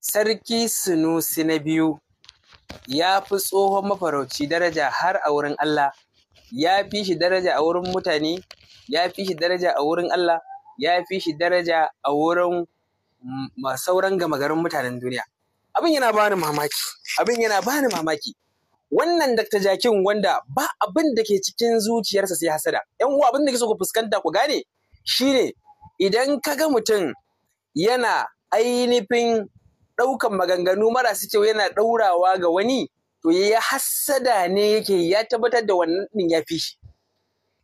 Sarki Sunusi na biyu ya fi tsohon mafarauci daraja har a wurin Allah, ya fi shi daraja a wurin mutane, ya fi shi daraja a wurin Allah, ya fi shi daraja a wurin sauran gama garin mutanen duniya. Abin yana bani mamaki, abin yana bani mamaki. Wannan Dr. Jakin wanda ba abin da ke cikin zuciyarsa sai hasada. ‘Yan uwa abin da ke so ku fuskanta ku gane shine idan ka ga mutum yana ainihin ɗaukan maganganu marasu kyau yana ɗaurawa ga wani to ya hassada ne yake ya tabbatar da wannan ɗin ya fi shi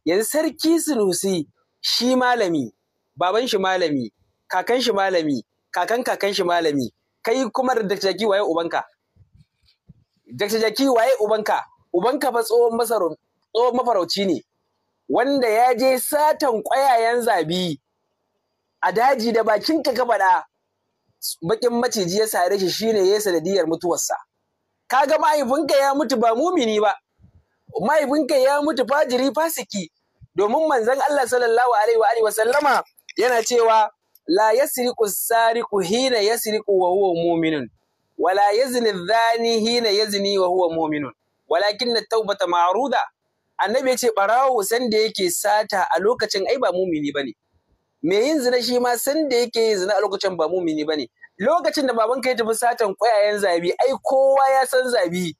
yanzu sarki sunusi shi malami baban shi malami kakan shi malami kakan kakan shi malami kai kuma da Dr. Jaki waye ubanka Dr. Jaki waye ubanka ubanka fa tsohon masarau tsohon mafarauci ne wanda ya je satan ƙwayayen zabi a daji da bakin ka faɗa bakin maciji ya sare shi shine ya sanadiyar mutuwarsa Ka ga mahaifinka ya mutu ba mumini ba mahaifinka ya mutu fajiri fasiki domin manzon Allah sallallahu alaihi wa wa sallama yana cewa la ya siriku sariku hina siriku wa huwa mu'minun wala zini zani hina zini wa huwa mu'minun walakin na taubata ma'aruda? annabi ya ce ɓarawo sanda yake sata a lokacin ai ba mumini ne. mai yin zina shi ma san da yake yin zina a lokacin ba mumini ne. lokacin da baban ka ya tafi satan ƙwayayen zabi ai kowa ya san zabi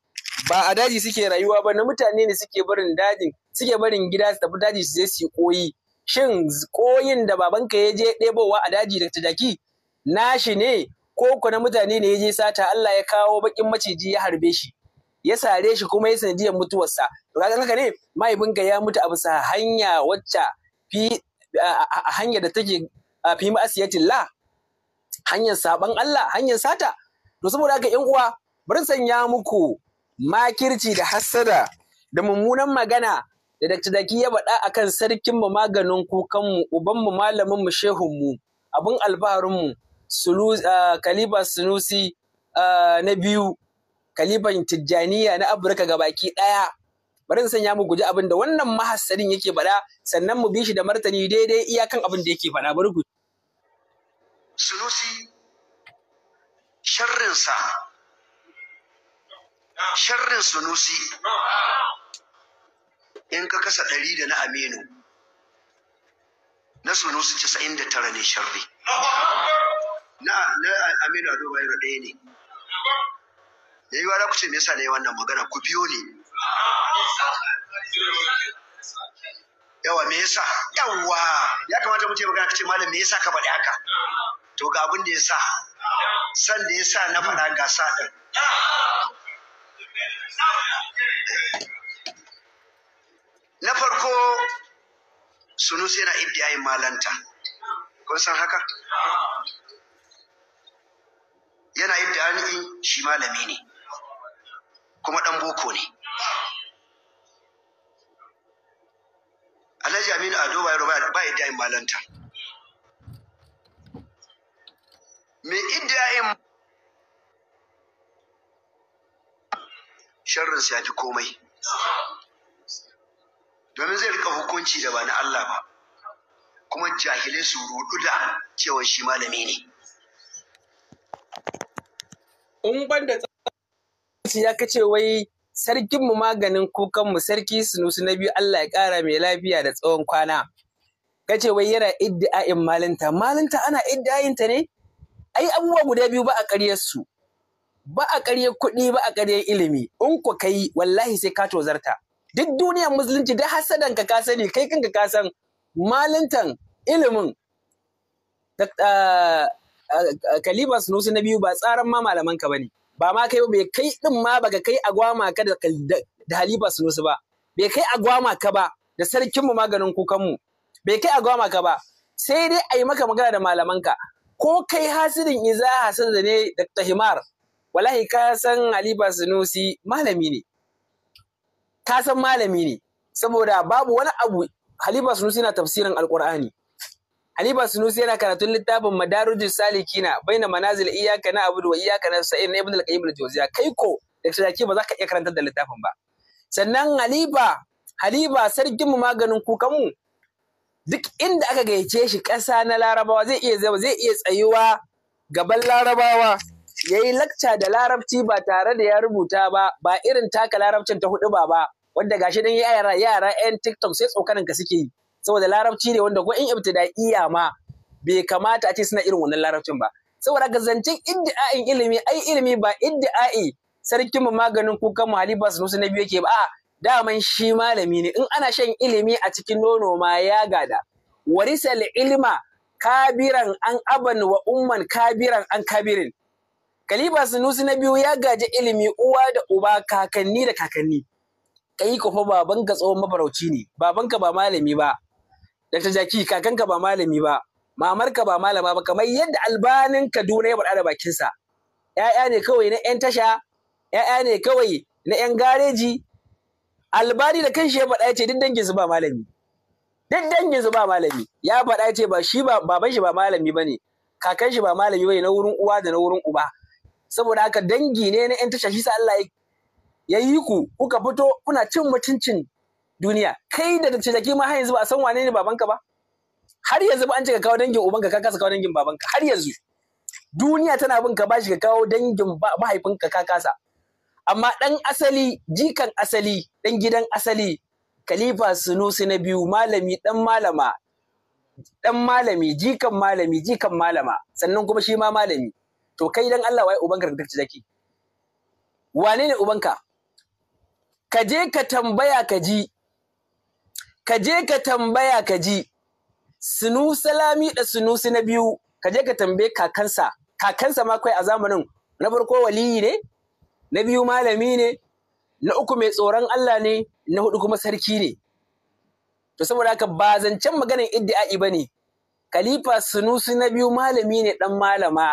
ba a daji suke rayuwa ba na mutane ne suke barin dajin suke barin gida su tafi daji su je su koyi shin koyin da baban ka ya je ɗebowa a daji da tajaki nashi ne ko na mutane ne ya je sata Allah ya kawo bakin maciji ya harbe shi ya sare shi kuma ya sanadiyar mutuwarsa to ka haka ne mahaifinka ya mutu a bisa hanya wacce fi hanyar da take fi ma'asiyatin la hanyar saban Allah hanyar sata to saboda haka yan uwa bari sanya muku makirci da hassada da mummunan magana da Dr. Daki ya faɗa akan sarkin mu maganin kukanmu uban mu malamin mu shehun mu abin alfaharin mu kaliba Sunusi na biyu Kaliban Tijjaniya na Afirka gabaki ɗaya bari in sanya mu guji abin da wannan mahassarin yake faɗa sannan mu bi shi da martani daidai iyakan abin da yake faɗa bari ku sunusi sharrinsa sharrin sunusi in ka kasa ɗari da na aminu na sunusi casa'in da tara ne sharri na aminu ado da ɗaya ne yayi wa ku ce me yasa na yi wannan magana ku biyo ne yawa me yasa yawa ya kamata mutum magana kace malam me yasa ka faɗi haka to ga abin da yasa san da yasa na faɗa ga sa din na farko sunus yana ibdiyayin malanta kun san haka yana ibdiyayin shi malami ne kuma dan boko ne alhaji aminu ado ba ya dayin malanta me iddayin sharrin ya fi komai domin zai rika hukunci da ba na Allah ba kuma jahilai su rudu da cewa shi malami ne in ban da ya kace wai sarkinmu maganin kukanmu sarki sunusu na biyu Allah ya ƙara mai lafiya da tsawon kwana. Kace wai yana iddi'a'in malinta, malinta ana ta ne? Ai abubuwa guda biyu ba a su, ba a ƙaryar kuɗi ba a ƙaryar ilimi, in ku kai wallahi sai ka tozarta. Duk duniyar musulunci da hasadan ka ka sani kai kanka ka san malintan ilimin ah, ah, kalibar sunusu na biyu ba tsaran ma malaman ka bane. ba ma kai ba bai kai din ma baka kai agwama ka da halifa ba bai kai agwama ka ba da sarkin mu maganin kukan mu bai kai agwama ka ba sai dai a yi maka magana da malamanka ko kai hasirin iza hasan da ne da tahimar wallahi ka san halifa sunusi malami ne ka san malami ne saboda babu wani abu halifa sunusi na tafsirin alkur'ani Haliba Sunusi yana karatun littafin Madarujus Salikina baina manazil iyaka na abu wa iyyaka nasta'in na Ibn al-Qayyim al-Jawziya kai ko da shi ba za ka iya karantar da littafin ba sannan Haliba Haliba sarkin mu maganin kukan mu duk inda aka gayyace shi ƙasa na Larabawa zai iya zai iya tsayuwa gaban Larabawa yayi lakca da larabci ba tare da ya rubuta ba ba irin taka larabcin ta hudu ba ba wanda gashi dan yara yara 'yan TikTok sai tsokanin ka suke yi saboda larabci ne wanda ko in ibtida'iyya ma bai kamata a ce suna irin wannan larabcin ba saboda ga zancen iddi'a'in ilimi ai ilimi ba iddi'a'i sarkin mu maganin kukan mu Halifa Sunusi na biyu yake ba a'a daman shi malami ne in ana shan ilimi a cikin nono ma ya gada warisal ilma kabiran an aban wa umman kabiran an kabirin Kaliba Sunusi na biyu ya gaji ilimi uwa da uba kakanni da kakanni. Kai ko fa babanka tsohon mafarauci ne, babanka ba malami ba, Dr. Jaki kakanka ba malami ba mamarka ba malama ba kamar yadda albanin Kaduna ya faɗa da bakinsa ‘ya'ya ne kawai na ‘yan tasha ‘ya'ya ne kawai na ‘yan gareji albani da kanshi ya faɗa ya ce duk dangin su ba malami duk dangin su ba malami ya faɗa ya ce ba shi ba baban shi ba malami bane kakan shi ba malami bane na wurin uwa da na wurin uba saboda haka dangi ne na ‘yan tasha shi sa Allah ya yi ku kuka fito kuna cin mutuncin duniya kai da da ke ma har yanzu ba a san wane ne babanka ba har yanzu ba an ce ka kawo dangin ubanka ka kasa kawo dangin babanka har yanzu duniya tana bin ka ba shi ka kawo dangin mahaifinka ka kasa amma dan asali jikan asali dan gidan asali kalifa sunusi na biyu malami dan malama dan malami jikan malami jikan malama sannan kuma shi ma malami to kai dan Allah wai ubanka da jaki wane ne ubanka ka je ka tambaya ka ji ka je ka tambaya ka ji sunu salami da sunusi na biyu ka je ka tambaye kakansa kakansa ma kai a zamanin na farko waliyi ne na biyu malami ne na uku mai tsoron Allah ne na hudu kuma sarki ne to saboda haka ba zancen maganar iddi'a'i bane khalifa sunusi na biyu malami ne dan malama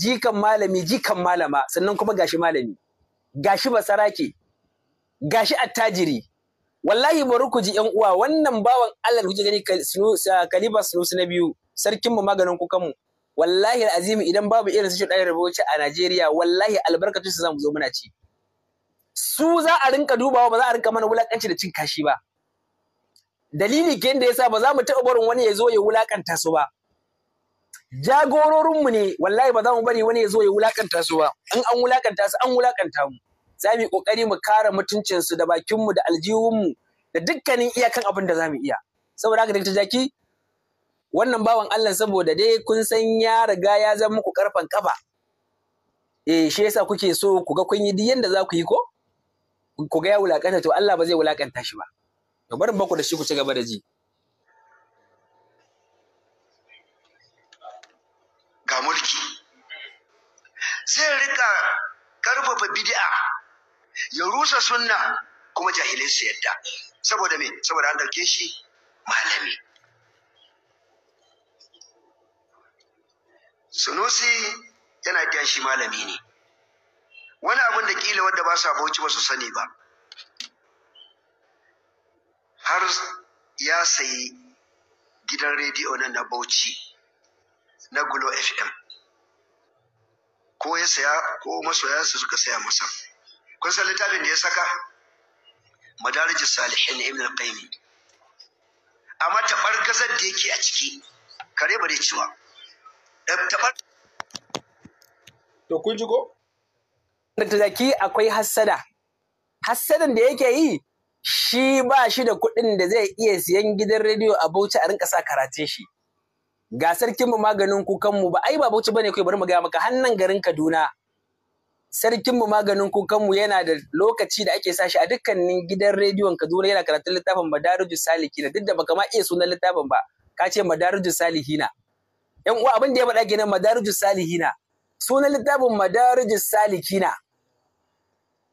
jikan malami jikan malama sannan kuma gashi malami gashi basarake gashi attajiri wallahi bari ku ji yan uwa wannan bawan Allah da kuke gani kaliba sunusu na biyu sarkin mu maganin kukanmu wallahi azimi idan babu irin su shaɗa rubuce a Najeriya wallahi albarkatu su zamu zo muna ci su za a rinka dubawa ba za a rinka mana wulakanci da cin kashi ba dalili ke da yasa ba za mu taɓa barin wani ya zo ya wulakanta su ba jagororinmu ne wallahi ba za mu bari wani ya zo ya wulakanta su ba in an wulakanta su an wulakanta mu za mu yi ƙoƙari mu kare mutuncinsu da bakinmu da aljihunmu da dukkanin iyakan abin da za mu iya. Saboda haka Dr. Jaki, wannan bawan Allah saboda dai kun san ya riga ya zama muku karfan kafa. Eh shi yasa kuke so ku ga kun yi duk yadda za ku yi ko? Ku ga ya wulakanta to Allah ba zai wulakanta shi ba. To barin baku da shi ku ci gaba da ji. Ga mulki. Zai rika karfafa bid'a ya rusa sunna kuma jahilai su yadda saboda me saboda an dauke shi malami sunusi yana biyan shi malami ne wani abin da kila wanda ba su bauchi ba su sani ba har ya sayi gidan rediyo nan na bauchi na gulo fm ko ya saya ko masoyansa suka saya masa kun san littafin da ya saka madarijus salihin ibn al-qayyim amma tabar gazar da yake a ciki kare bare cewa eh, bar to kun ji ko da zaki akwai hassada hassadan da yake yi shi ba shi da kuɗin da zai iya siyan gidan rediyo a Bauchi a rinka sa karatun shi ga sarkin mu maganin kukan mu ba ai ba Bauchi bane kai bari mu ga maka hannan garin Kaduna sarkinmu maganin kukanmu yana da lokaci da ake sashi a dukkanin gidan rediyon Kaduna yana karatun littafin Madarijus Salihina duk da baka ma iya sunan littafin ba ka ce Madarijus Salihina yan uwa abin da ya faɗa kenan Madarijus Salihina sunan littafin Madarijus Salihina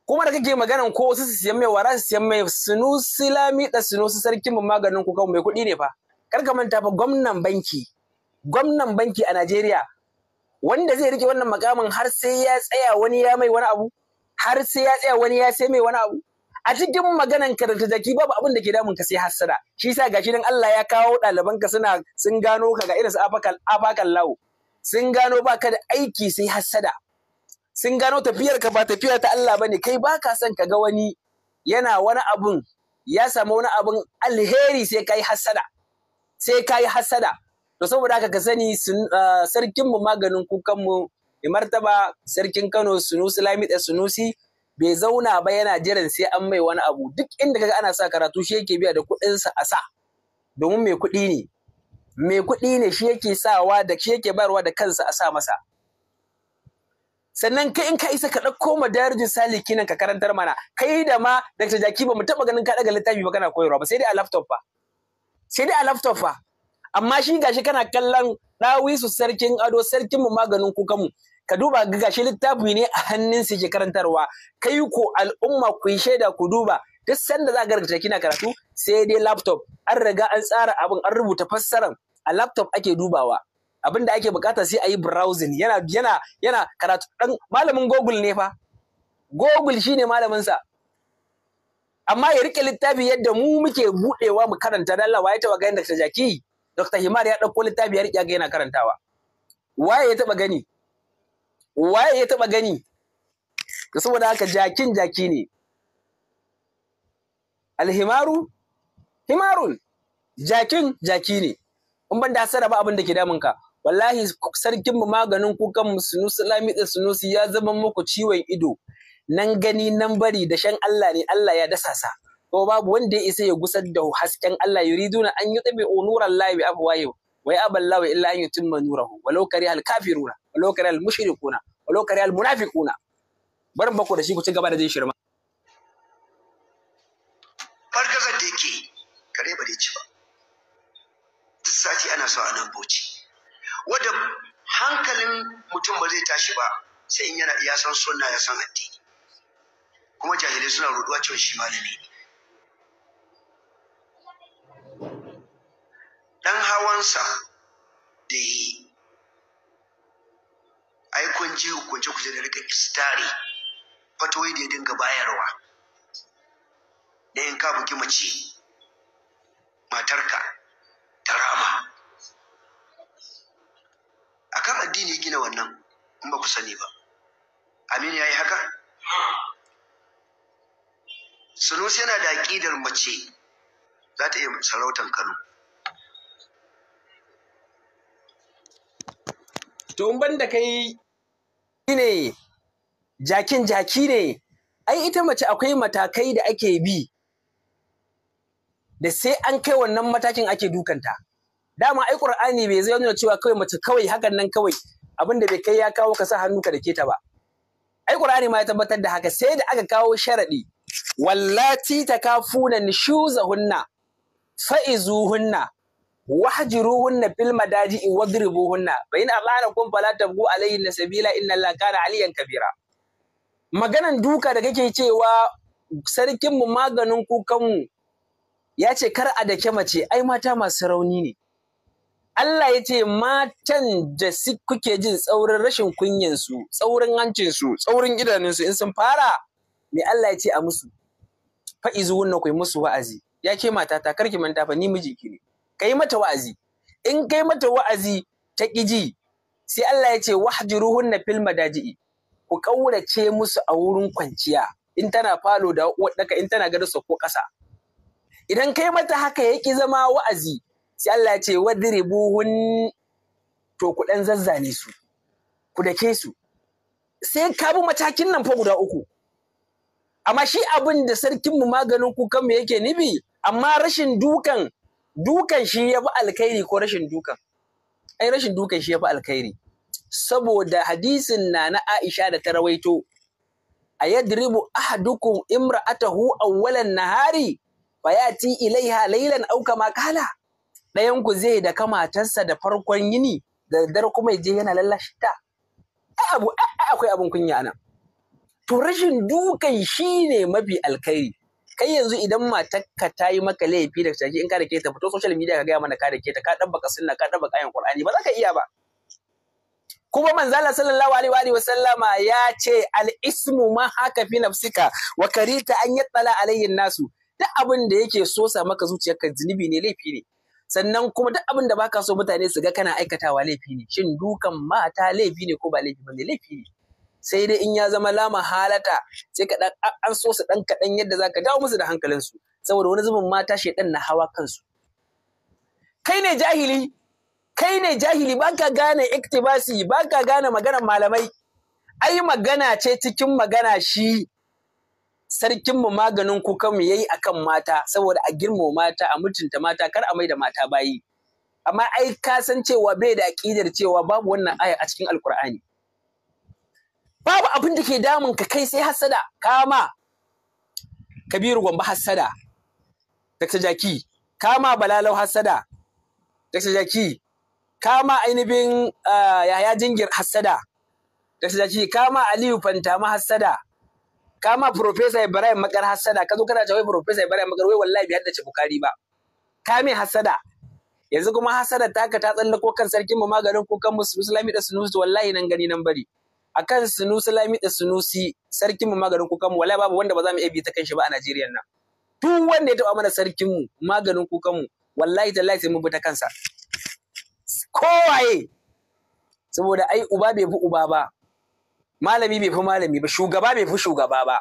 kuma da kake maganan ko su su siyan mai wara su siyan mai sunusi lami da sarkin sarkinmu maganin kukanmu mai kuɗi ne fa kar ka manta fa gwamnan banki gwamnan banki a Najeriya wanda zai rike wannan makamin har sai ya tsaya wani ya mai wani abu har sai ya tsaya wani ya sai mai wani abu a cikin maganan karanta jaki babu abin da ke damun ka sai hassada shi sa gashi nan Allah ya kawo ɗaliban ka suna sun gano ka ga irin su afakal afakal lawo sun gano baka da aiki sai hassada sun gano tafiyar ka ba tafiyar ta Allah bane kai baka son ka ga wani yana wani abun ya samu wani abun alheri sai kai hassada sai kai hassada to saboda haka ka sani ah, sarkinmu maganin kukanmu mai martaba sarkin Kano Sunusi Lamida Sunusi bai zauna ba yana jiran sai an mai wani abu duk inda kaga ana sa karatu shi yake biya da kuɗinsa a sa domin mai kuɗi ne mai kuɗi ne shi yake sawa da shi yake bayarwa da kansa a sa masa sannan kai in ka isa ka ɗauko madarijin saliki nan ka karantar mana kai da ma Dr. Jaki ba mu taɓa ganin ka ɗaga littafi ba kana koyarwa ba sai dai a laptop ba sai dai a laptop ba amma shi gashi kana kallon ɗawisu sarkin ado sarkin mu maganin kukanmu ka duba ga gashi littafi ne a hannun su ke karantarwa kai ko al'umma ku yi shaida ku duba duk sanda za ka kina karatu sai dai laptop an riga an tsara abin an rubuta fassaran a laptop ake dubawa abin da ake bukata sai a yi browsing yana yana yana karatu dan malamin google ne fa google shine malamin sa amma ya rike littafi yadda mu muke budewa mu karanta dan Allah waye ga da ta jaki Dr. Himar ya ɗauko littafi ya riƙe yana karantawa. Waye ya taɓa gani? Waye ya taɓa gani? Da saboda haka jakin jaki ne. Alhimaru? Himarun. Jakin jaki ne. In ban da hasara ba abin da ke damun ka. Wallahi sarkin mu maganin kukan mu sunusi da sunusi ya zama muku ciwon ido. Nan gani nan bari da shan Allah ne Allah ya dasa sa. To babu wanda ya isa ya gusar da hasken Allah yuriduna an yi yutbi'u nurallahi bi afwahihim wa yaballahu illa an yutimma nurahu walau kariha al-kafiruna walau kariha al-mushrikuna walau kariha al-munafiquna barin bako da shi ku ci gaba da jin shirma fargazar da yake kare ba dai ci ba duk sati ana sa a nan boci wanda hankalin mutum ba zai tashi ba sai in yana iya san sunna ya san addini kuma jahilai suna ruɗuwa cewa shi malami ne ɗan hawansa da yi ai ji kuce da rika istari fatoyi da ya dinga bayarwa da in ka bugi mace matarka ta rama akan addini gina wannan in ba ku sani ba amin ya yi haka sunusi yana da aƙidar mace za ta iya sarautar kano to in banda kai ne jakin jaki ne ai ita mace akwai matakai da ake bi da sai an kai wannan matakin ake dukanta dama ai qur'ani bai zai nuna cewa kawai mace kawai hakan nan kawai abin da bai kai ya kawo ka sa hannu ka dake ta ba ai qur'ani ma ya tabbatar da haka sai da aka kawo sharadi wallati takafuna nishuzahunna fa'izuhunna wahjuruhunna fil madaji wadribuhunna fa in ata'anakum fala tabghu alayhinna sabila inna allaha kana aliyan kabira maganan duka da kake cewa sarkin mu maganin kukan mu ya ce kar a dake mace ai mata masu rauni ne Allah ya ce matan da kuke jin tsaurin rashin kunyansu, tsaurin hancinsu, tsaurin idanunsu in sun fara, me Allah ya ce a musu, fa'izu wunna ku musu wa'azi, ya ke mata ta karki manta fa ni ki ne. kai mata wa'azi in kai mata wa'azi ta ƙiji sai Allah ya ce na fil madaji'i ku ƙaurace musu a wurin kwanciya in tana falo da wadaka in tana gado ko kasa idan kai mata haka ya ki zama wa'azi sai Allah ya ce wadribuhun to ku dan zazzane su ku dake su sai ka bi matakin nan fa guda uku amma shi abin da sarkin mu maganin kukan mu yake nibi amma rashin dukan dukan shi ya fi alkhairi ko rashin dukan ai rashin dukan shi ya fi alkhairi saboda hadisin na na Aisha da ta rawaito a yadribu ahadukum imra'atahu awwalan nahari fayati ilaiha lailan au kama kala ɗayan ku zai da kamatarsa da farkon yini da daddare kuma je yana lallashi ta abu akwai abin kunya nan to rashin dukan shi ne mafi alkhairi kai yanzu idan matarka ta yi maka laifi da shaki in ka ke ta fito social media ka gaya mana ka ke ta ka baka sunna ka baka ayan qur'ani ba za ka iya ba kuma manzala sallallahu alaihi wa sallama ya ce al-ismu ma haka fi nafsika wa karita an yattala alayhi nasu duk abin da yake so sa maka zuciyarka zunubi ne laifi ne sannan kuma duk abin da baka so mutane su ga kana aikatawa laifi ne shin dukan mata laifi ne ko ba laifi ba ne laifi ne sai dai in ya zama lama halata sai ka dan an so su dan kadan yadda zaka dawo musu da su saboda wani zubin mata shedan na hawa kansu kai ne jahili kai ne jahili baka gane iktibasi baka gane maganar malamai ai magana ce cikin magana shi sarkin mu maganin mu yayi akan mata saboda a girmama mata a mutunta mata kar a maida mata bayi amma ai ka san cewa bai da aƙidar cewa babu wannan aya a cikin alkur'ani babu abin da ke damun ka kai sai hassada kama kabiru gombe hassada dr jaki kama balalau hassada dr jaki kama ainihin yaya jingir hassada dr jaki kama aliyu fantama hassada kama Profesa Ibrahim Makar Hassada ka zo kana cewa Profesa Ibrahim Makar wai wallahi bai haddace Bukari ba kame hasada Hassada yanzu kuma Hassada taka ta tsallako kan sarkin mu maganin ko kan musulmi da sunusu wallahi nan gani nan bari akan salami da sunusi sarkin mu maganin kukan mu wala babu wanda ba za mu iya bi ta kanshi ba a Najeriya nan duk wanda ya taba mana sarkin mu maganin kukan mu wallahi tallahi sai mun bi ta kansa kowaye saboda ai uba bai fi uba ba malami bai fi malami ba shugaba bai fi shugaba ba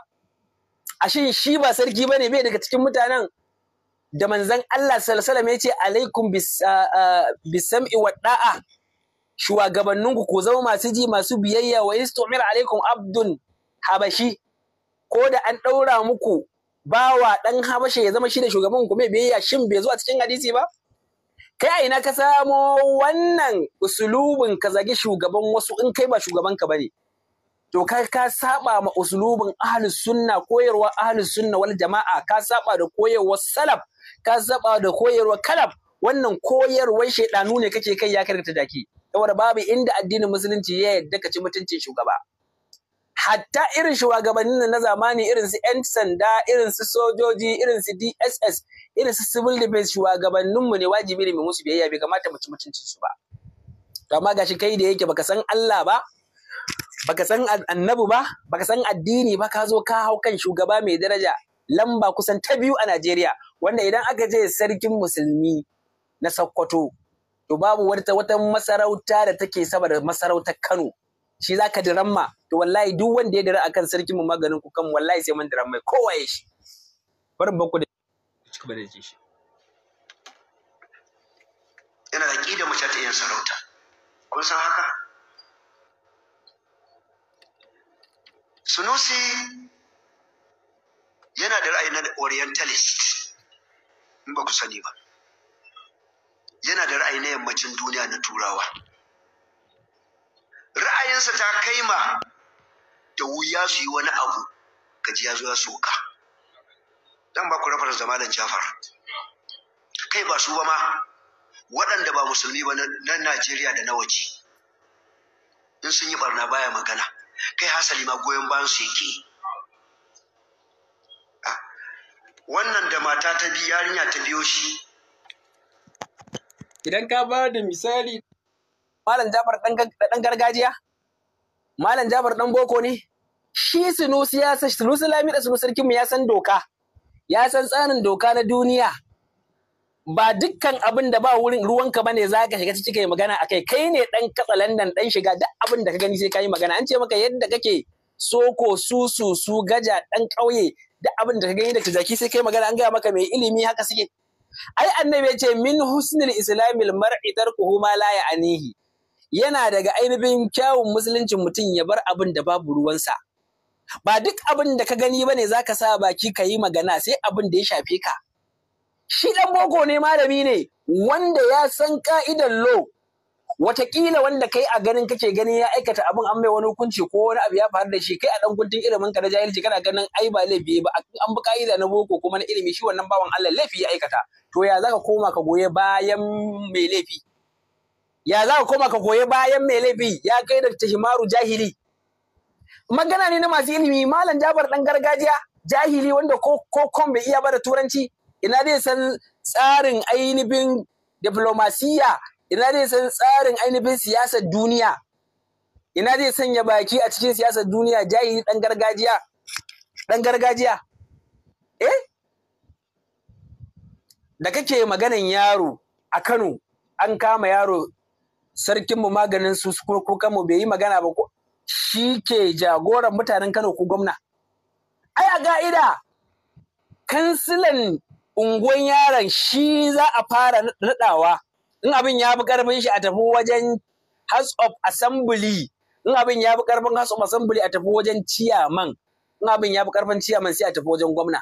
ashin shi ba sarki bane bai daga cikin mutanen da manzon Allah sallallahu alaihi wasallam ya ce alaikum bis sam'i wa da'a shugabanninku ku zama masu ji masu biyayya wa istumir alaikum abdun habashi ko da an ɗaura muku bawa ɗan habashi ya zama shi da shugaban ku mai biyayya shin bai zo a cikin hadisi ba kai a ina ka samo wannan usulubin ka zagi shugaban wasu in kai ba shugaban ka bane to kai ka saba ma usulubin ahlus sunna koyarwa ahlus sunna wal jama'a ka saba da koyarwar salaf ka saba da koyarwar kalaf wannan koyarwar shedanu ne kake kai ya karkata daki saboda babu inda addinin musulunci ya yadda ka ci mutuncin shugaba hatta irin shugabannin na zamani irin su 'yan sanda irin su sojoji irin su dss irin su civil defense shugabanninmu ne wajibi ne mu musu biyayya bai kamata mu ci mutuncin su ba to amma gashi kai da yake baka san Allah ba baka san Annabu ba baka san addini ba ka zo ka hau kan shugaba mai daraja lamba kusan ta biyu a Najeriya wanda idan aka je sarkin musulmi na Sokoto to babu wata wata masarauta da take sama da masarautar Kano shi zaka diramma to wallahi duk wanda ya dira akan sarkin mu maganin ku kan wallahi sai mun diramma kowa ya shi barin ba ku da cika da ji shi yana da ƙida mace ta yin sarauta kun san haka sunusi yana da ra'ayi na orientalist in ba ku sani ba yana da ra'ayi na yammacin duniya na turawa ra'ayinsa ta kai ma da wuya su yi wani abu gaji ya zo ya soka dan ba ku rafar dan jafar kai ba su ba ma waɗanda ba musulmi ba na najeriya da na waje in sun yi barna baya magana kai hasali ma goyon bayan su yake ah, wannan da mata ta bi yarinya ta biyo shi Idan ka ba da misali Malam Jafar ɗan gargajiya? Malam Jafar ɗan boko ne? Shi Sunusi ya san Sunusi Lami da Sunusi Sarkinmu ya san doka. Ya san tsarin doka na duniya. Ba dukkan abin da ba wurin ruwanka bane za ka shiga kai magana a kai kai ne ɗan katsalandan ɗan shiga duk abin da ka gani sai ka yi magana an ce maka yadda kake soko su su gaja ɗan kauye duk abin da ka gani da jaki sai kai magana an gaya maka mai ilimi haka suke ai annabi ya ce min husnul islamil mar'i tarkuhu ma la ya'nihi yana daga ainihin kyawun musuluncin mutum ya bar abin da babu ruwansa ba duk abin da ka gani bane zaka sa baki ka magana sai abin da ya shafe ka shi dan boko ne malami ne wanda ya san ka'idar lo watakila wanda kai a ganin kace gani ya aikata abin an mai wani hukunci ko wani abu ya faru da shi kai a dan kuntin ilimin ka na jahilci kana ganin ai ba laifi ba an bi ka'ida na boko kuma na ilimi shi wannan bawan Allah laifi ya aikata to ya zaka koma ka goye bayan mai laifi ya zaka koma ka goye bayan mai laifi ya kai da tahimaru jahili magana ne na masu ilimi malam Jabar dan gargajiya jahili wanda ko ko kon bai iya ba da turanci ina zai san tsarin ainihin diplomasiya ina zai san tsarin ainihin siyasar duniya ina zai sanya baki a cikin siyasar duniya jahili dan gargajiya dan gargajiya eh da kake maganan yaro a Kano an kama yaro sarkinmu maganin su mu bai yi magana ba ko shi ke jagoran mutanen Kano ko gwamna ai a ga'ida kansilan unguwan yaron shi za a fara naɗawa in abin ya fi karfin shi a tafi wajen House of Assembly in abin ya fi karfin House of Assembly a tafi wajen ciyaman in abin ya fi karfin ciyaman sai a tafi wajen gwamna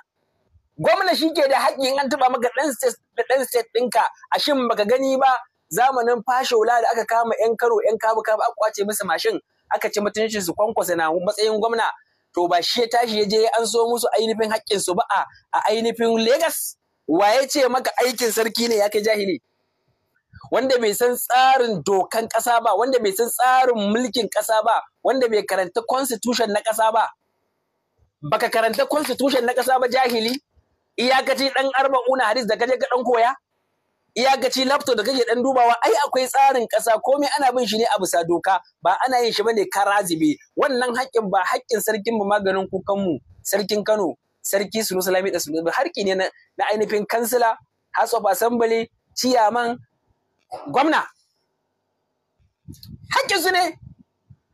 gwamna shi ke da haƙƙin an taɓa maka ɗan state ɗinka a shin baka gani ba zamanin fashola da aka kama 'yan karo 'yan kabu kabu aka kwace musu mashin aka ci mutuncin su kwankwasa na matsayin gwamna to ba shi ya tashi ya je an so musu ainihin haƙƙin su ba a ainihin Legas? wa ya ce maka aikin sarki ne ya kai jahili wanda bai san tsarin dokan ƙasa ba wanda bai san tsarin mulkin ƙasa ba wanda bai karanta constitution na ƙasa ba baka karanta constitution na ƙasa ba jahili iyakaci dan arba'una hadis da kaje ka dan koya iyakaci lafto da kake ɗan dubawa ai akwai tsarin ƙasa komai ana bin shi ne a bisa doka ba ana yin shi bane karazibe wannan haƙƙin ba haƙƙin sarkin mu maganin kukanmu mu sarkin Kano sarki Sunu Salami da Sunu harki ne na ainihin kansila House of Assembly ciyaman gwamna su ne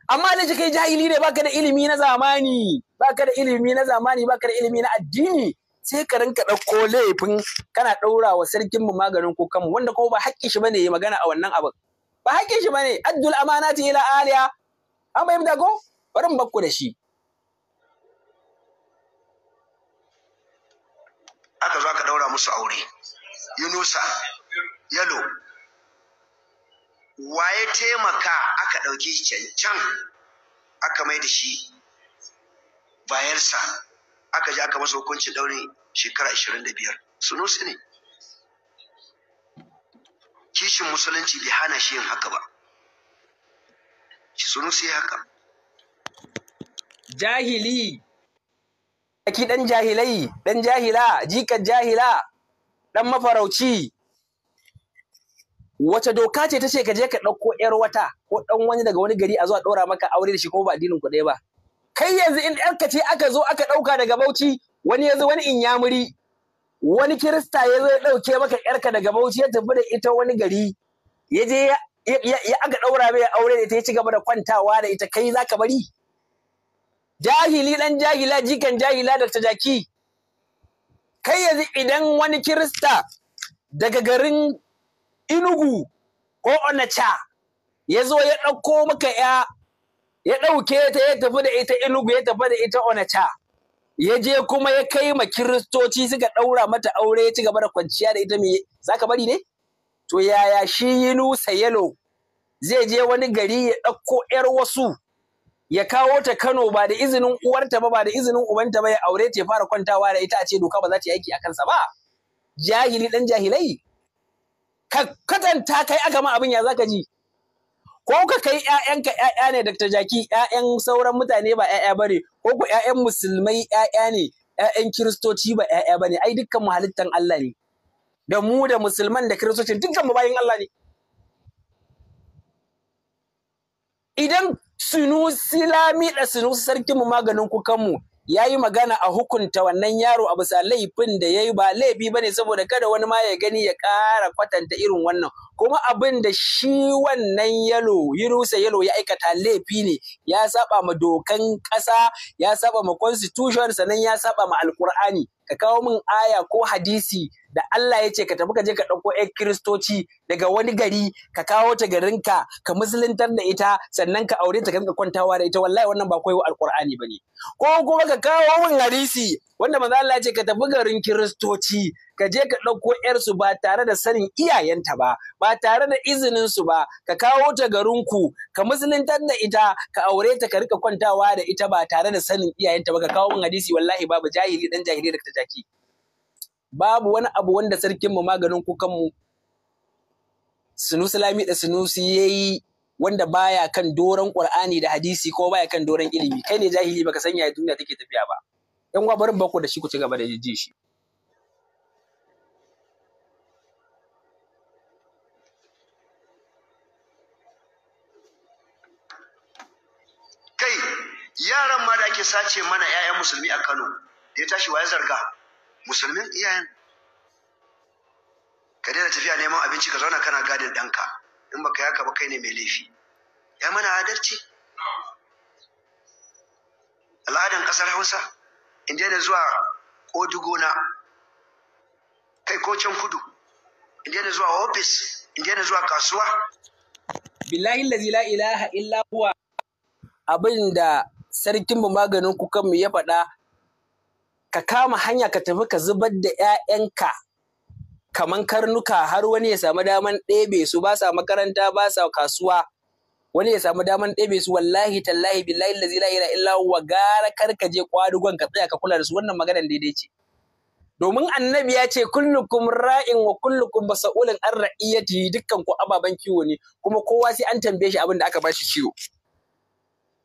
amma alhaji kai jahili ne baka da ilimi na zamani baka da ilimi na zamani baka da ilimi na addini sai ka rinka ɗauko laifin kana ɗaura wa mu maganin kukanmu wanda kuma ba haƙƙin shi bane ya magana a wannan abin ba haƙƙin shi bane addul amanati ila aliya an fahimta ko bari mu bakku da shi aka zo daura ɗaura musu aure yunusa yalo waye taimaka aka ɗauki shi cancan aka mai da shi bayarsa aka ji aka masa hukuncin ɗaurin shekara ashirin da biyar sunusi ne kishin musulunci bai hana shi yin haka ba sunusi haka jahili ki dan jahilai dan jahila jikan jahila dan mafarauci wace doka ce ta ce ka je ka ɗauko 'yar wata ko ɗan wani daga wani gari a zuwa ɗora maka aure da shi ko ba addinin ku ɗaya ba kai yanzu in 'yarka ce aka zo aka ɗauka daga Bauchi wani yanzu wani inyamuri wani kirista ya zo ya ɗauke maka 'yarka daga Bauchi ya tafi da ita wani gari ya je ya aka ɗaura mai aure da ita ya ci gaba da kwantawa da ita kai zaka bari jahili dan jahila jikan jahila da ta jaki kai yanzu idan wani kirista daga garin inugu ko onacha ya zo ya ɗauko maka ya ya ɗauke ta ya tafi da ita inugu ya tafi da ita onacha ya je kuma ya kai ma kiristoci suka ɗaura mata aure ya ci gaba da kwanciya da ita me zaka bari ne to yaya shi yinu yalo zai je wani gari ya ɗauko ‘yar wasu ya kawo ta Kano ba da izinin uwarta ba ba da izinin ubanta ba ya aure ta fara kwantawa da ita a ce doka ba za ta yi aiki a kansa ba jahili ɗan jahilai ka kwatanta kai aka ma abin ya zaka ji ko ka kai ƴaƴanka ƴaƴa ne Dr. Jaki ƴaƴan sauran mutane ba ƴaƴa bane ko ku ƴaƴan musulmai ƴaƴa ne ƴaƴan kiristoci ba ƴaƴa bane ai dukkan mu halittan Allah ne da mu da musulman da kiristocin dukkan mu bayin Allah ne idan sunusi silami da sunusi sarkin mu maganin kukanmu. ya yi magana a hukunta wannan yaro a bisa laifin da ya yi ba laifi ba ne saboda kada wani ma ya gani ya ƙara kwatanta irin wannan kuma abin da shi wannan yalo yirusa yalo ya aikata laifi ne ya saba ma dokan ƙasa ya saba ma constitution sannan ya saba ma alkur'ani ka kawo min aya ko hadisi da Allah ya ce ka tafi ka je ka ɗauko 'yan kiristoci daga wani gari ka kawo ta garinka ka musuluntar da ita sannan ka aure ta ka kwantawa da ita wallahi wannan ba koyo alkur'ani ne ko kuma ka kawo min harisi wanda maza Allah ya ce ka tafi garin kiristoci ka je ka ɗauko 'yarsu ba tare da sanin iyayenta ba ba tare da izinin su ba ka kawo ta garinku ka musuluntar da ita ka aure ta ka rika kwantawa da ita ba tare da sanin iyayenta ba ka kawo min hadisi wallahi babu jahili dan jahili da ta jaki babu wani abu wanda sarkinmu maganin kukanmu sunusi lami da sunusi ya yi wanda baya kan doron ƙur'ani da hadisi ko baya kan doron ilimi kai ne jahili baka san yaya duniya take tafiya ba yan uwa barin bako da shi ku ci gaba da ji shi kai yaran ma da ake sace mana 'ya'yan musulmi a Kano da ya tashi waye zarga musulmin iyayen ka daina tafiya neman abinci ka zauna kana gadin ɗanka in baka yaka ba kai ne mai laifi ya mana adalci al'adan ƙasar hausa in daina zuwa ƙodugona kai ko can kudu in daina zuwa ofis in daina zuwa kasuwa billahi lazi la ilaha illa huwa abin da sarkin mu maganin kukan mu ya faɗa ka kama hanya ka tafi ka zubar da 'ya'yanka kamar karnuka har wani ya samu daman ɗebe su ba sa makaranta ba sa kasuwa wani ya samu daman ɗebe su wallahi tallahi billahi lazi la ila illa wa gara kar ka je kwadugon ka tsaya ka kula da su wannan maganar daidai ce domin annabi ya ce kullukum ra'in wa kullukum masa'ulin an dukkan ku ababen kiwo ne kuma kowa sai an tambaye shi abin da aka bashi kiwo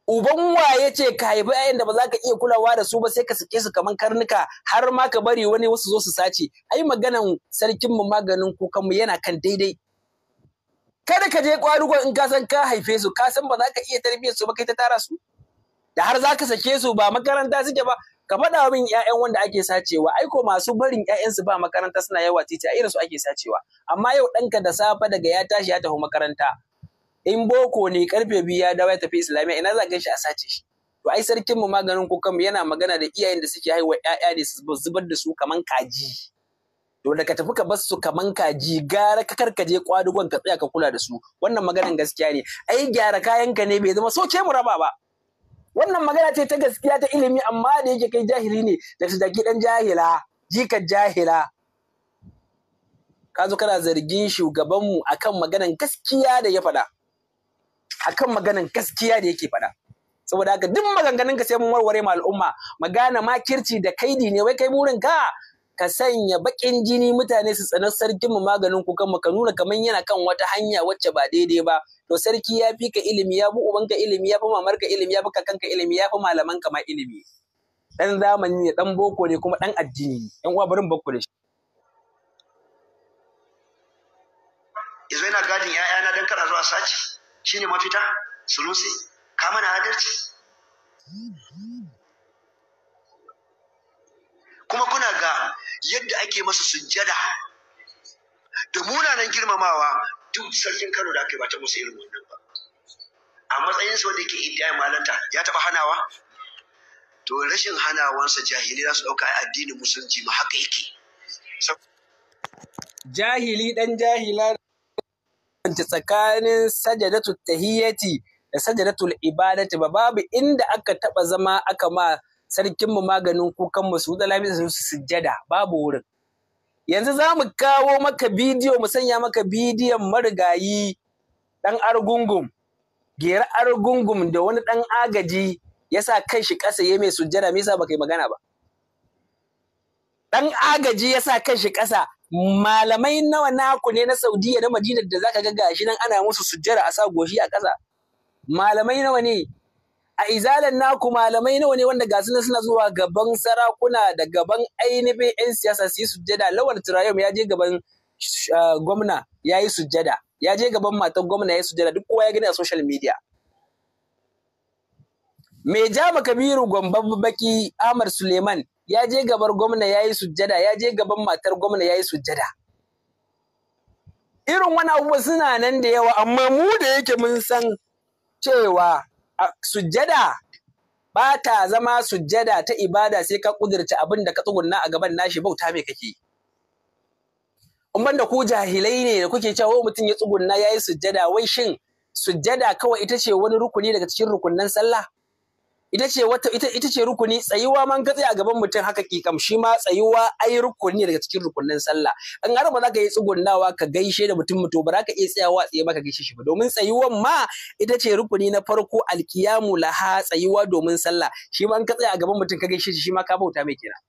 uban waye ce ka haifi ƴaƴan da ba za ka iya kulawa da su ba sai ka sake su kaman karnuka har ma ka bari wani wasu zo su sace ai maganan sarkin mu maganin kukan mu yana kan daidai kada ka je kwadugo in ka san ka haife su ka san ba za ka iya tarbiyyar su ba kai ta tara su da har za ka sake su ba makaranta suke ba ka faɗa min ƴaƴan wanda ake sacewa aiko masu barin 'ya'yansu ba makaranta suna yawa titi a irin su ake sacewa amma yau ɗanka da safe daga ya tashi ya tafi makaranta in boko ne karfe biyu ya dawo ya tafi islamiyya ina za a ganshi a sace shi to ai sarkin mu maganin kukan yana magana da iyayen da suke haihuwa ƴaƴa ne su zubar da su kaman kaji to da ka tafi ka bar su kaman kaji gara ka je kwadugon ka tsaya ka kula da su wannan maganin gaskiya ne ai gyara kayan ka ne bai zama soke mu raba ba wannan magana ce ta gaskiya ta ilimi amma da yake kai jahili ne da jaki dan jahila jikan jahila ka zo kana zargin shugabanmu akan maganan gaskiya da ya faɗa akan maganan gaskiya da yake faɗa saboda haka duk maganganun ka sai mun warware ma al'umma magana makirci da kaidi ne wai kai burin ka ka sanya bakin jini mutane su tsanar sarkin mu maganin ku kan ka nuna kaman yana kan wata hanya wacce ba daidai ba to sarki ya fi ka ilimi ya fi ubanka ilimi ya fi mamarka ilimi ya fi kakanka ilimi ya fi malamanka ma ilimi dan zamani ne dan boko ne kuma dan addini ne yan uwa barin bakku da shi yanzu yana gadin 'ya'yana don kada a zuwa sace shine mafita sulusi ka mana adalci kuma kuna ga yadda ake masa sujjada da munanan girmamawa duk sarkin Kano da aka yi ba ta musu irin wannan ba a matsayinsa wanda yake iddiya malanta ya taɓa hanawa to rashin hanawansa jahili za su ɗauka addinin musulunci ma haka yake jahili ɗan jahila bambanta tsakanin sajadatu tahiyyati da sajadatul ibadati ba babu inda aka taba zama aka ma sarkin mu maganin kukan mu su lafiya su sujjada babu wurin yanzu za mu kawo maka bidiyo mu sanya maka bidiyon marigayi dan argungum gera argungum da wani dan agaji ya sa kan shi ƙasa ya mai sujjada me yasa baka yi magana ba dan agaji ya sa kan shi ƙasa malamai nawa naku ne na Saudiya na Madina da zaka ga gashi nan ana musu sujjara a sa goshi a ƙasa malamai nawa ne a izalan naku malamai nawa ne wanda gasu nan suna zuwa gaban sarakuna da gaban ainihin yan siyasa su yi sujjada lawal turayom ya je gaban gwamna ya sujjada ya je gaban matan gwamna ya yi sujjada duk kowa ya gani a social media mai jama kabiru gwamban baki ahmad suleiman ya je gabar gwamna ya yi sujjada ya je gaban matar gwamna ya yi sujjada irin wani abubuwa suna nan da yawa amma mu da yake mun san cewa sujjada ba ta zama sujjada ta ibada sai ka kudirce abin da ka tsugunna a gaban nashi bauta mai kake in da ku jahilai ne da kuke cewa mutum ya tsugunna ya yi sujjada wai shin sujjada kawai ita ce wani rukuni daga cikin rukunnan sallah ita ce wata ita ita ce rukuni tsayuwa man ka a gaban mutum haka kikam shi ma tsayuwa ai rukuni daga cikin rukunin sallah in har ba za ka yi tsugunnawa ka gaishe da mutum mutum ba za ka iya tsayawa tsaye ba ka gaishe shi ba domin tsayuwan ma ita ce rukuni na farko alkiyamu laha tsayuwa domin sallah shi ma in ka tsaya a gaban mutum ka gaishe shi shi ma ka bauta mai kenan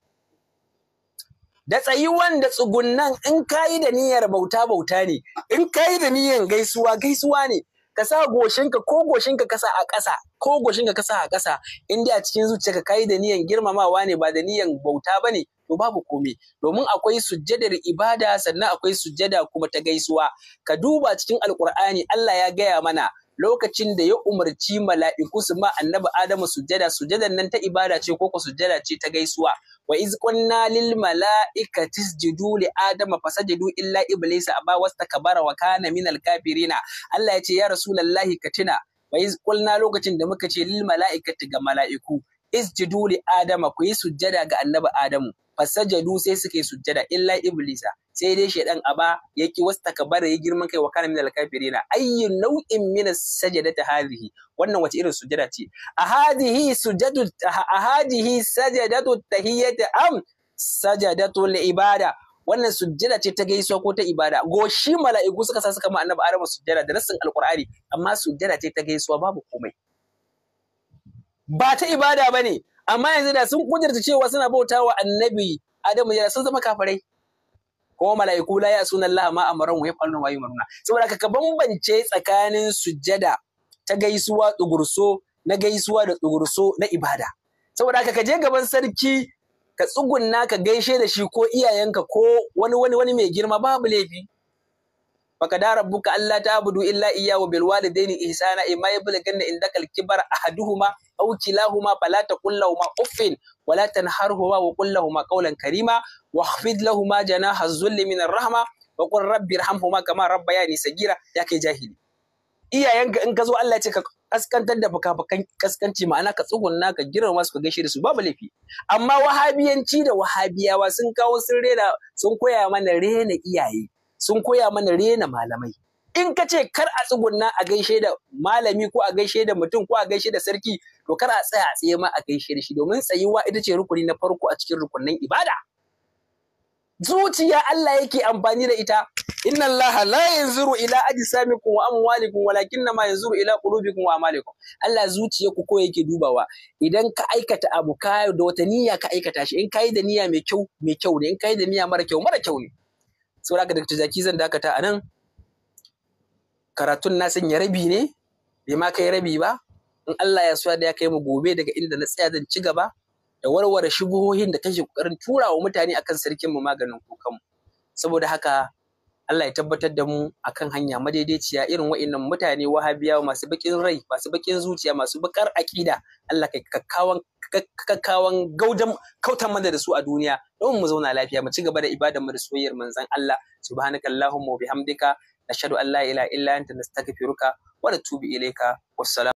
da tsayuwan da tsugunnan in yi da niyyar bauta bauta ne in yi da niyyar gaisuwa gaisuwa ne ka sa goshinka ko goshinka kasa a ƙasa ko goshinka kasa a ƙasa in dai a cikin ka kai da niyan girmamawa ne ba da niyan bauta ba ne, to babu komai domin akwai sujjadar ibada sannan akwai sujjada kuma ta gaisuwa ka duba cikin alkur'ani Allah ya gaya mana lokacin da ya umarci mala'iku su ma annabi Adamu sujjada sujjadan nan ta ibada ce ko ko sujjada ce ta gaisuwa wa iz qulna lil mala'ikati isjudu li adama fasajadu illa iblisa aba wastakbara wa kana minal kafirina Allah ya ce ya rasulullahi katina wa iz qulna lokacin da muka ce lil mala'ikati ga mala'iku isjudu li adama ku yi sujjada ga annabi adamu fasajadu sai suke sujjada illa iblisa sai dai shaidan aba yaki wastakbara ya girman kai wa kana minal kafirina ayyu nau'in min ta hadhihi wannan wace irin sujada ce a hadhihi sujadu a hadhihi sajadatu am sajadatu ibada wannan sujada ce ta gaisuwa ko ta ibada goshi mala'iku suka sa suka ma annabi adama sujjada da nassin alqur'ani amma sujjada ce ta gaisuwa babu komai ba ta ibada bane amma yanzu da sun kudurta cewa suna bautawa annabi adamu ya sun zama kafirai ko mala'iku la ya sunan Allah ma amaran wa yafalun wa yumaruna saboda ka bambance tsakanin sujjada ta gaisuwa tsugurso na gaisuwa da tsugurso na ibada saboda ka je gaban sarki ka tsugunna ka gaishe da shi ko iyayenka ko wani wani wani mai girma babu laifi Allah فقد ربك الا تعبدوا الا اياه وبالوالدين احسانا اما يبلغن عندك الكبر ahaduhuma أو كلاهما فلا تقل لهما أف ولا تنهرهما وقل لهما lahuma كريما واخفض لهما جناح الذل من الرحمة وقل رب ارحمهما كما ربياني صغيرا ya kai jahili iyayenka in ka zo Allah ce ka kaskantar da fukafukan kaskanci ma'ana ka tsugunna ka girma masu ka gaishe da su babu laifi amma wahabiyanci da wahabiyawa sun kawo sun rena sun koya mana rena iyaye sun koya mana rena malamai in ka ce kar a tsugunna a gaishe da malami ko a gaishe da mutum ko a gaishe da sarki to kar a tsaya a tsaye ma a gaishe da shi domin tsayuwa ita ce rukuni na farko a cikin rukunin ibada zuciya Allah yake amfani da ita inna Allah la yanzuru ila ajsamikum wa amwalikum walakin ma yanzuru ila qulubikum wa amalikum Allah zuciya ku ko yake dubawa idan ka aikata abu ka da wata niyya ka aikata shi in ka yi da niyya mai kyau mai kyau ne in ka yi da niyya mara kyau mara kyau ne saboda haka daga zaki zan dakata anan karatun na sanya rabi ne bai ma kai rabi ba in Allah ya suwa da ya kai mu gobe daga inda na tsaya zan ci gaba da warware shigohin da kake kokarin tura wa mutane akan sarkin mu maganin kukan saboda haka Allah ya tabbatar da mu akan hanya madaidaiciya irin wa'annan mutane wahabiyawa masu bakin rai masu bakin zuciya masu bakar akida Allah kai kakkawan kakkawan gaudan kautan mana da su a duniya don mu zauna lafiya mu ci gaba da ibadar mu da soyayyar manzon Allah subhanakallahumma wa Hamdika. nashhadu an la ilaha illa anta nastaghfiruka wa natubu ilayka wassalam